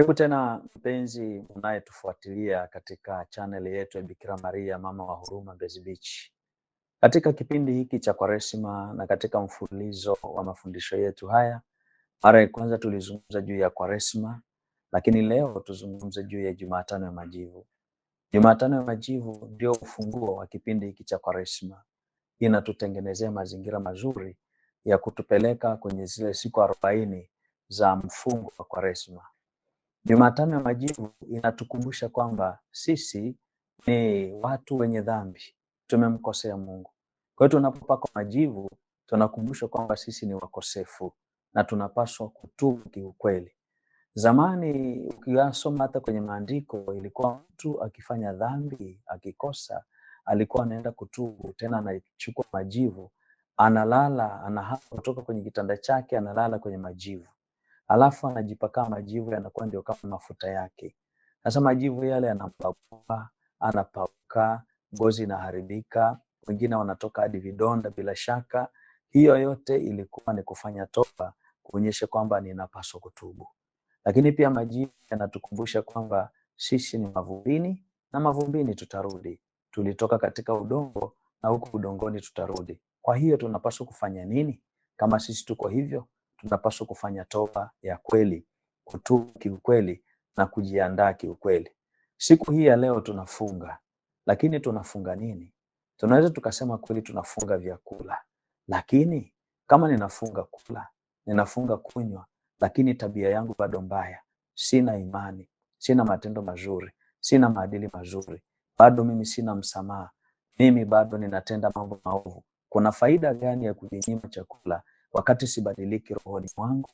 Karibu tena mpenzi unayetufuatilia katika chaneli yetu ya Bikira Maria Mama wa Huruma Mbezi Beach. Katika kipindi hiki cha Kwaresima na katika mfululizo wa mafundisho yetu haya, mara ya kwanza tulizungumza juu ya Kwaresima, lakini leo tuzungumze juu ya Jumatano ya Majivu. Jumatano ya Majivu ndio ufunguo wa kipindi hiki cha Kwaresima. Inatutengenezea mazingira mazuri ya kutupeleka kwenye zile siku arobaini za mfungo wa Kwaresima. Jumatano ya majivu inatukumbusha kwamba sisi ni watu wenye dhambi, tumemkosea Mungu. Kwa hiyo tunapopakwa majivu, tunakumbushwa kwamba sisi ni wakosefu na tunapaswa kutubu kiukweli. Zamani ukiyasoma hata kwenye maandiko, ilikuwa mtu akifanya dhambi, akikosa, alikuwa anaenda kutubu, tena anachukua majivu, analala, anahama kutoka kwenye kitanda chake, analala kwenye majivu alafu anajipaka majivu yanakuwa ndio kama mafuta yake. Sasa majivu yale yanapakua, anapauka, ngozi inaharibika, wengine wanatoka hadi vidonda. Bila shaka hiyo yote ilikuwa ni kufanya toba, kuonyesha kwamba ninapaswa kutubu. Lakini pia majivu yanatukumbusha kwamba sisi ni mavumbini na mavumbini tutarudi. Tulitoka katika udongo na huku udongoni tutarudi. Kwa hiyo tunapaswa kufanya nini kama sisi tuko hivyo? tunapaswa kufanya toba ya kweli, kutubu kiukweli na kujiandaa kiukweli. Siku hii ya leo tunafunga, lakini tunafunga nini? Tunaweza tukasema kweli tunafunga vyakula, lakini kama ninafunga kula, ninafunga kunywa, lakini tabia yangu bado mbaya, sina imani, sina matendo mazuri, sina maadili mazuri, bado mimi sina msamaha, mimi bado ninatenda mambo maovu, kuna faida gani ya kujinyima chakula wakati sibadiliki rohoni mwangu.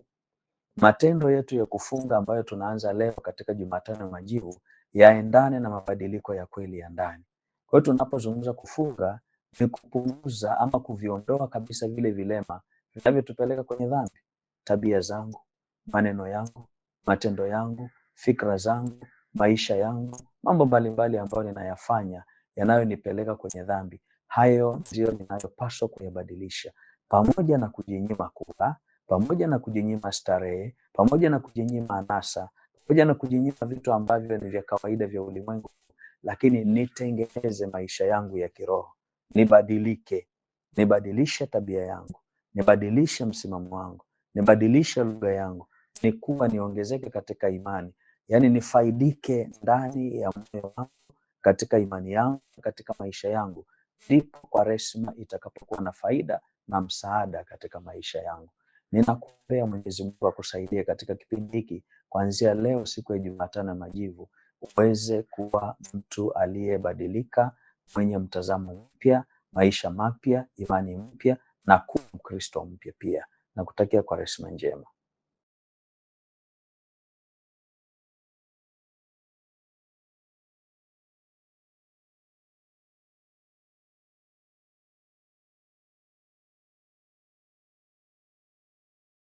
Matendo yetu ya kufunga ambayo tunaanza leo katika Jumatano ya Majivu yaendane na mabadiliko ya kweli ya ndani. Kwa hiyo tunapozungumza kufunga ni kupunguza ama kuviondoa kabisa vile vilema vinavyotupeleka kwenye dhambi, tabia zangu, maneno yangu, matendo yangu, fikra zangu, maisha yangu, mambo mbalimbali ambayo ninayafanya yanayonipeleka kwenye dhambi. Hayo ndiyo ninayopaswa kuyabadilisha pamoja na kujinyima kula, pamoja na kujinyima starehe, pamoja na kujinyima anasa, pamoja na kujinyima vitu ambavyo ni vya kawaida vya ulimwengu, lakini nitengeneze maisha yangu ya kiroho, nibadilike, nibadilishe tabia yangu, nibadilishe msimamo wangu, nibadilishe lugha yangu, nikuwa niongezeke katika imani, yaani nifaidike ndani ya moyo wangu, katika imani yangu, katika maisha yangu, ndipo Kwaresma itakapokuwa na faida na msaada katika maisha yangu. Ninakuombea Mwenyezi Mungu akusaidie katika kipindi hiki, kuanzia leo siku ya Jumatano ya Majivu, uweze kuwa mtu aliyebadilika, mwenye mtazamo mpya, maisha mapya, imani mpya na kuwa Mkristo mpya pia. Nakutakia Kwaresma njema.